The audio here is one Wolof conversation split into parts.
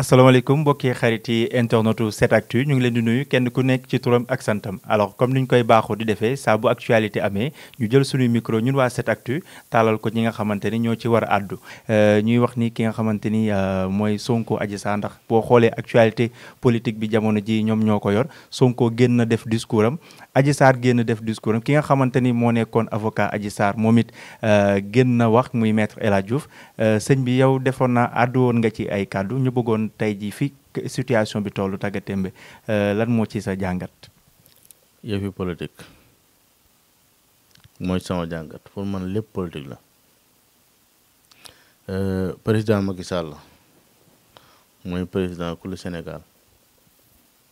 asalaamaaleykum mbokki xarit yi internetu 7actu ñu ngi leen di nuyu kenn ku nekk ci turam ak santam alors comme ni koy baaxoo di defee saa actualité amee ñu jël suñu micro ñun waa set actu taalal ko ñi nga xamante ni ñoo ci war addu àddu euh, ñuy wax ni ki nga xamante ni euh, mooy Sonko Adji Sarr boo xoolee actualité politique bi jamono ji ñoom ñoo ko yor Sonko génn na def discours am Adji Sarr génn def discours am ki nga xamante ni moo nekkoon avocat Adji Sarr moom it euh, génn na wax muy maître El Hadj Diouf sëñ bi yow defoon na àddu woon nga ci ay kàddu ñu bëggoon kon tey jii fi situation bi tollu tàggatémbe euh, lan moo ci sa jàngat. yëfi politique mooy sama jàngat pour man lépp politique la euh, président Macky Sall mooy président ku lu Sénégal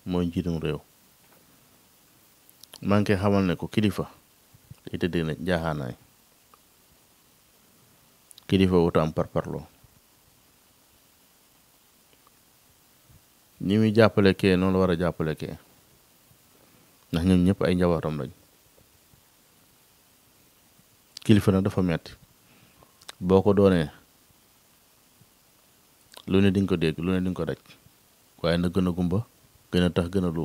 mooy njiitum réew maa ngi koy xamal ne ko kilifa day tëddee na jaaxaanaay kilifa wuta am parparloo ni muy jàppale kee noonu la war a jàppale kee ndax ñoom ñëpp ay njabootam lañ kilifa nag dafa metti boo ko doonee lu ne di ko dégg lu ne di ko daj waaye na gën a gumba gën a tax gën a lu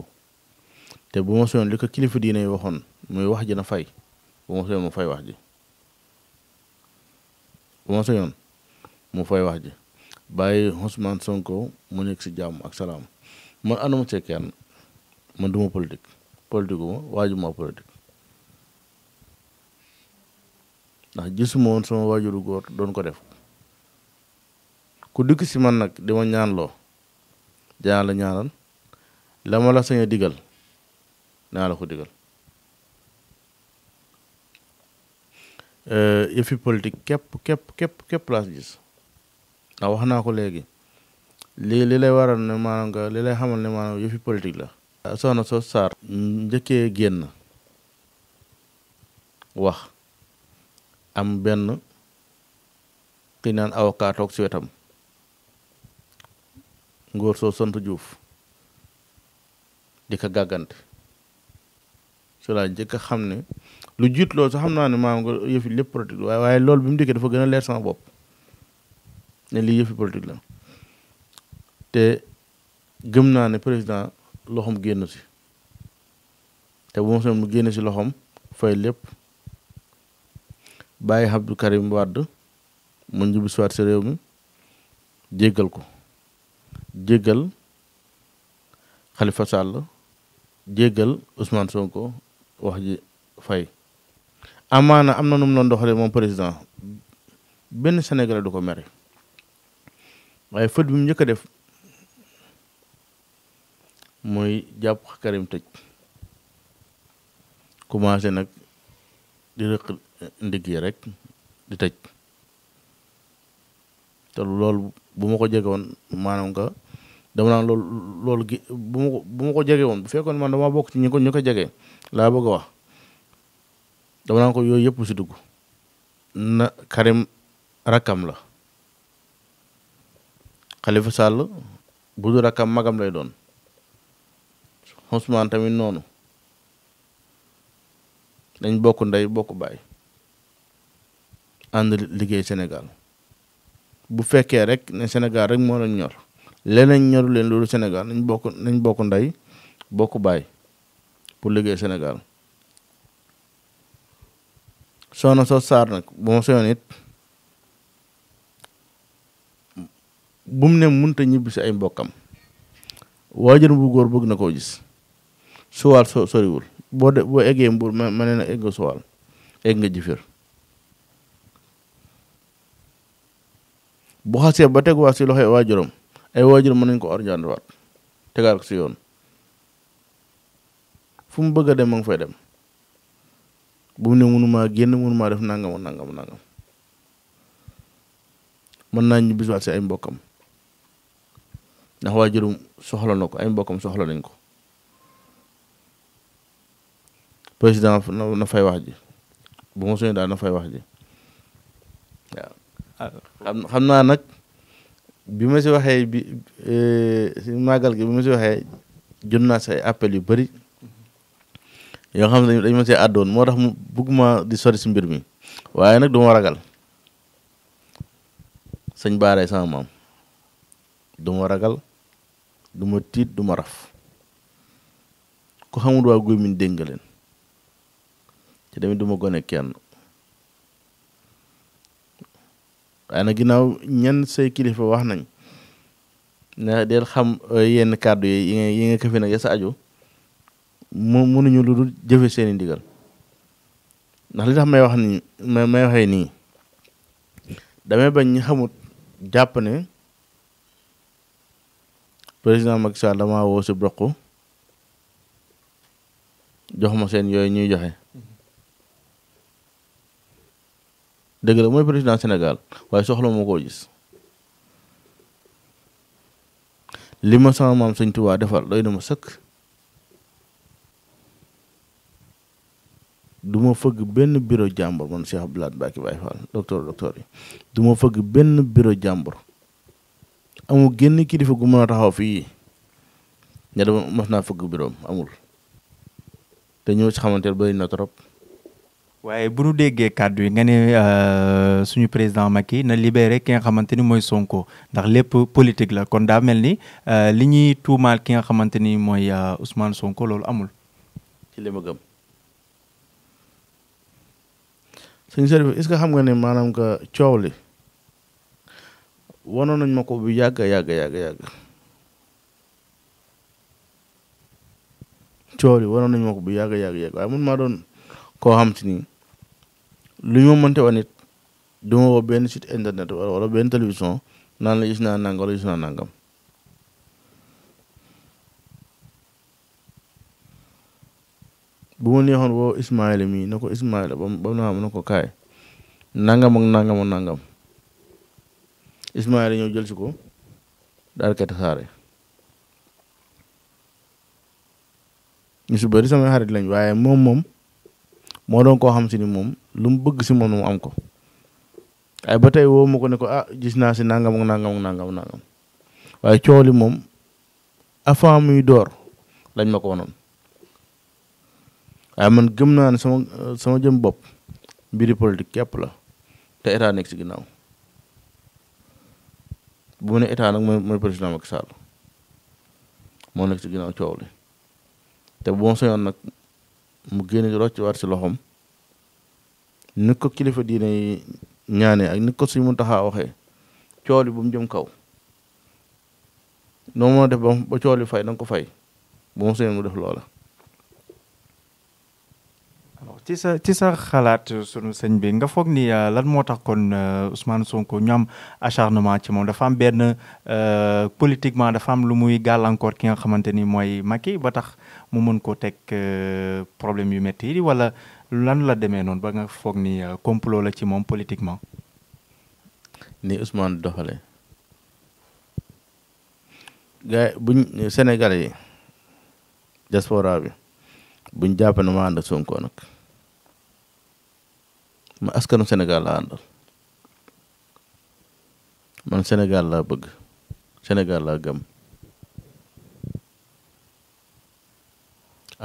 te bu ma soon li ko kilifa diine waxoon muy wax ji na fay bu ma soon mu fay wax ji bu ma soon mu fay wax ji bàyyi Ousmane Sonko mu nekk si jàmm ak salaam man anuma ci kenn man duma politique politique uma waajuma politique ndax gisuma woon sama waajuru góor doon ko def ku dikk si man nag dima ñaanloo dinaa la ñaanal la ma la sañ a digal naa la ko digal euh, yëfi politique képp képp képp képp laa gis ndax wax naa ko léegi lii li lay waral ne maanaam nga li lay xamal ne maanaam yëfi politique la. Ah, soxna soo Sarr. njëkkee génn wax am benn ki naan avocat toog si wetam ngóor soo sant Diouf di ko gàggante su laa njëkk xam ne lu jiit loolu sax xam naa ne maanaam nga yëfi lépp politique waaye waaye loolu bi dikkee dafa gën a leer sama bopp. ne lii yëfi politique la te gëm naa ne président loxoom génn si te bu ma soon mu génn si loxoom fay lépp bàyyi Abdou Karim Wade mu njubbi siwaat si réew mi jéggal ko jéggal Khalifa Sall jéggal Ousmane Sonko wax ji fay amaana am na nu mu doon doxalee moom président benn Sénégalais du ko mere waaye fët bi mu njëkk a def mooy jàpp Karim tëj commencé nag di rëq ndigg yi rek di tëj te loolu bu ma ko jege woon maanaam nga dama naan loolu loolu gi bu ma ko bu jege woon bu fekkoon man waa bokk ci ñi ko ñu ko jege laa bëgg a wax dama ko yooyu yëpp si dugg na Karim rakkam la Khalifa Sall bu du rakkam magam lay doon Ousmane tamit noonu dañ bokk ndey bokk baay ànd liggéey senegal bu fekkee rek ne senegal rek moo leen ñor leneen ñoru leen loolu senegal nañ bokk nañ bokk ndey bokk baay pour liggéey senegal soxna soo saar nag bu ma soyoon it bu ne mënut a ñibbi si ay mbokkam waajur bu góor bëgg na koo gis suwaal so soriwul boo eggee mbuur ma ma ne na egg nga suwaal egg nga jifir bu xasee ba teguwaat si loxo waajuram ay waajur mën nañ ko orjandiwaat tegaat ko si yoon fu mu bëgg a dem ma ngi dem bu mu ne mënumaa génn mënumaa def nangam nangam nangam mën naa ñu bisuwaat si ay mbokkam ndax waajurum soxla na ko ay mbokkam soxla nañ ko président na fay wax ji bu ma suñu daal na fay wax ji waaw naa nag bi ma si waxee bi e, si màggal gi bi ma si waxee jot naa say appel yu bari yoo xam ne dañ ma see addoon moo tax mu bëgguma di sori si mbir mi waaye nag du ma ragal sëñ Baaraay sama maam du ma ragal du ma tiit du ma raf ku xamul waa guy min dégg te tamit du gone kenn waaye nag ginnaaw ñenn say kilifa wax nañ ne del xam euh, yenn kàddu yi nga yi nga këfe nag sa aju mu mënuñu lu dul jëfe seeni ndigal ndax li tax may wax ni may waxee nii damay bañ ñi xamut jàpp ne président Macky Sall damaa woo si broq jox ma seen yooyu ñuy joxe dëgg mooy président Sénégal waaye soxla moo koo gis li ma sama maam sëñ waa defal doy na ma sëkk du ma fëgg benn bureau jàmbur man Cheikh Abdoulaye Mbacké Baye Fall docteur docteur yi du ma fëgg benn bureau jàmbur amul génn kilifa gu mën taxaw fii ne dama mas naa fëgg biroom amul te ci xamante bari na trop. waaye bu nu déggee kàddu yi nga ne euh, suñu président ki na libéré ki nga xamante ni mooy Sonko ndax lépp politique la kon daa mel ni euh, li ñuy tuumaal ki nga xamante ni mooy euh, Ousmane Sonko loolu amul. ci li ma gëm. sëñ Serif est-ce que xam nga ne maanaam que coow li. wanoon nañ ma ko bu yàgg yàgg yàgg yàgg coor yi wanoon nañ ma ko bu yàgg yàgg yàgg maa doon koo xam ci ni lu ñu mënte woon it du benn site internet wala wala benn télévision naan la gis naa nangam wala gis naa nangam bu ma neexoon woo Ismaïla mii na ko Ismaïla ba mu ba mu na ko kaay nangam ak nangam nangam. Ismaïla ñëw jël si ko daal koy tasaare ñu si bëri samay xarit lañ waaye moom moom moo doon koo xam si ni moom lu mu bëgg si moom mu am ko waaye ba tey woo ma ko ne ko ah gis naa si nangam ak nangam ak nangam nangam waaye coow li moom avant muy door lañ ma ko wanoon waaye man gëm naa ne sama sama jëm bopp mbiri politique képp la te état nekk si ginnaaw. bu mu nag moo nekk ci ginnaaw coow li te bu ma soñoon nag mu génn rocc waat si loxoom ni ko kilifa diine yi ñaanee ak ni ko suñu Muntaxa waxee coow li mu jëm kaw noo mën a def ba ba coow fay da nga ko fay bu ma soñoon mu def loola. alors ci sa ci sa xalaat euh, sunu sëñ bi nga foog ni euh, lan moo tax kon euh, Ousmane Sonko ñoom am acharnement ci moom dafa am benn politiquement dafa am lu muy gàllankoor ki nga xamante ni mooy Macky ba tax mu mën koo teg problème yu métti yi wala lan la demee noonu ba nga foog nii complot la ci moom politiquement. ni Ousmane doxale gars buñ Sénégalais yi diaspora bi. buñ jàpp ne ma ànd ak nag ma askanu Sénégal laa àndal man Sénégal laa bëgg senegal laa gëm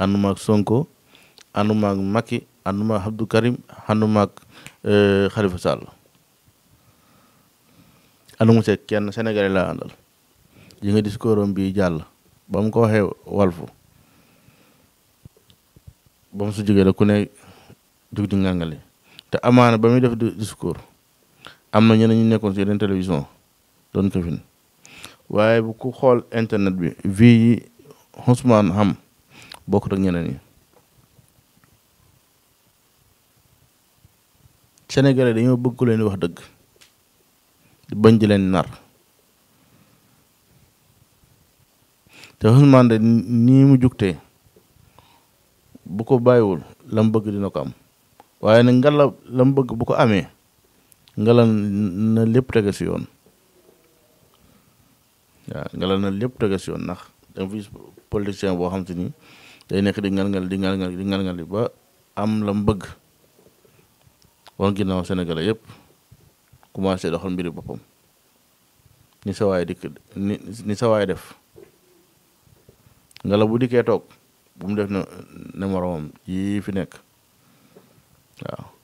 ànduma ak Sonko ànduma ak Macky ànduma ak Abdou Karim ànduma ak euh, Khalifa Sall ànduma see kenn Sénégalais laa àndal yi nga discours jàll ba mu ko waxee walfu ba mu su jógee la ku ne dug di ngàngale te amaana ba muy def discours am na ñeneen ñu nekkoon si yeneen télévision doon ko waaye bu ku xool internet bi vie yi Ousmane xam bokkut ak ñeneen yi Sénégalais dañoo bëgg ku leen wax dëgg bañ di leen nar te Ousmane de nii mu jugtee bu ko bàyyiwul lam bëgg dina ko am waaye nag ngala lam bëgg bu ko amee ngala na lépp tege si yoon waaw ngala na lépp tege si yoon ndax da nga politicien boo xam ni day nekk di ngal-ngal di ngal-ngal di ngal-ngal ba am lam bëgg wan ginnaaw Sénégalais yëpp commencé doxal mbiri boppam ni sa waay dikk ni ni sa waay def ngala bu dikkee toog bu mu def ne ne yii fi nekk waaw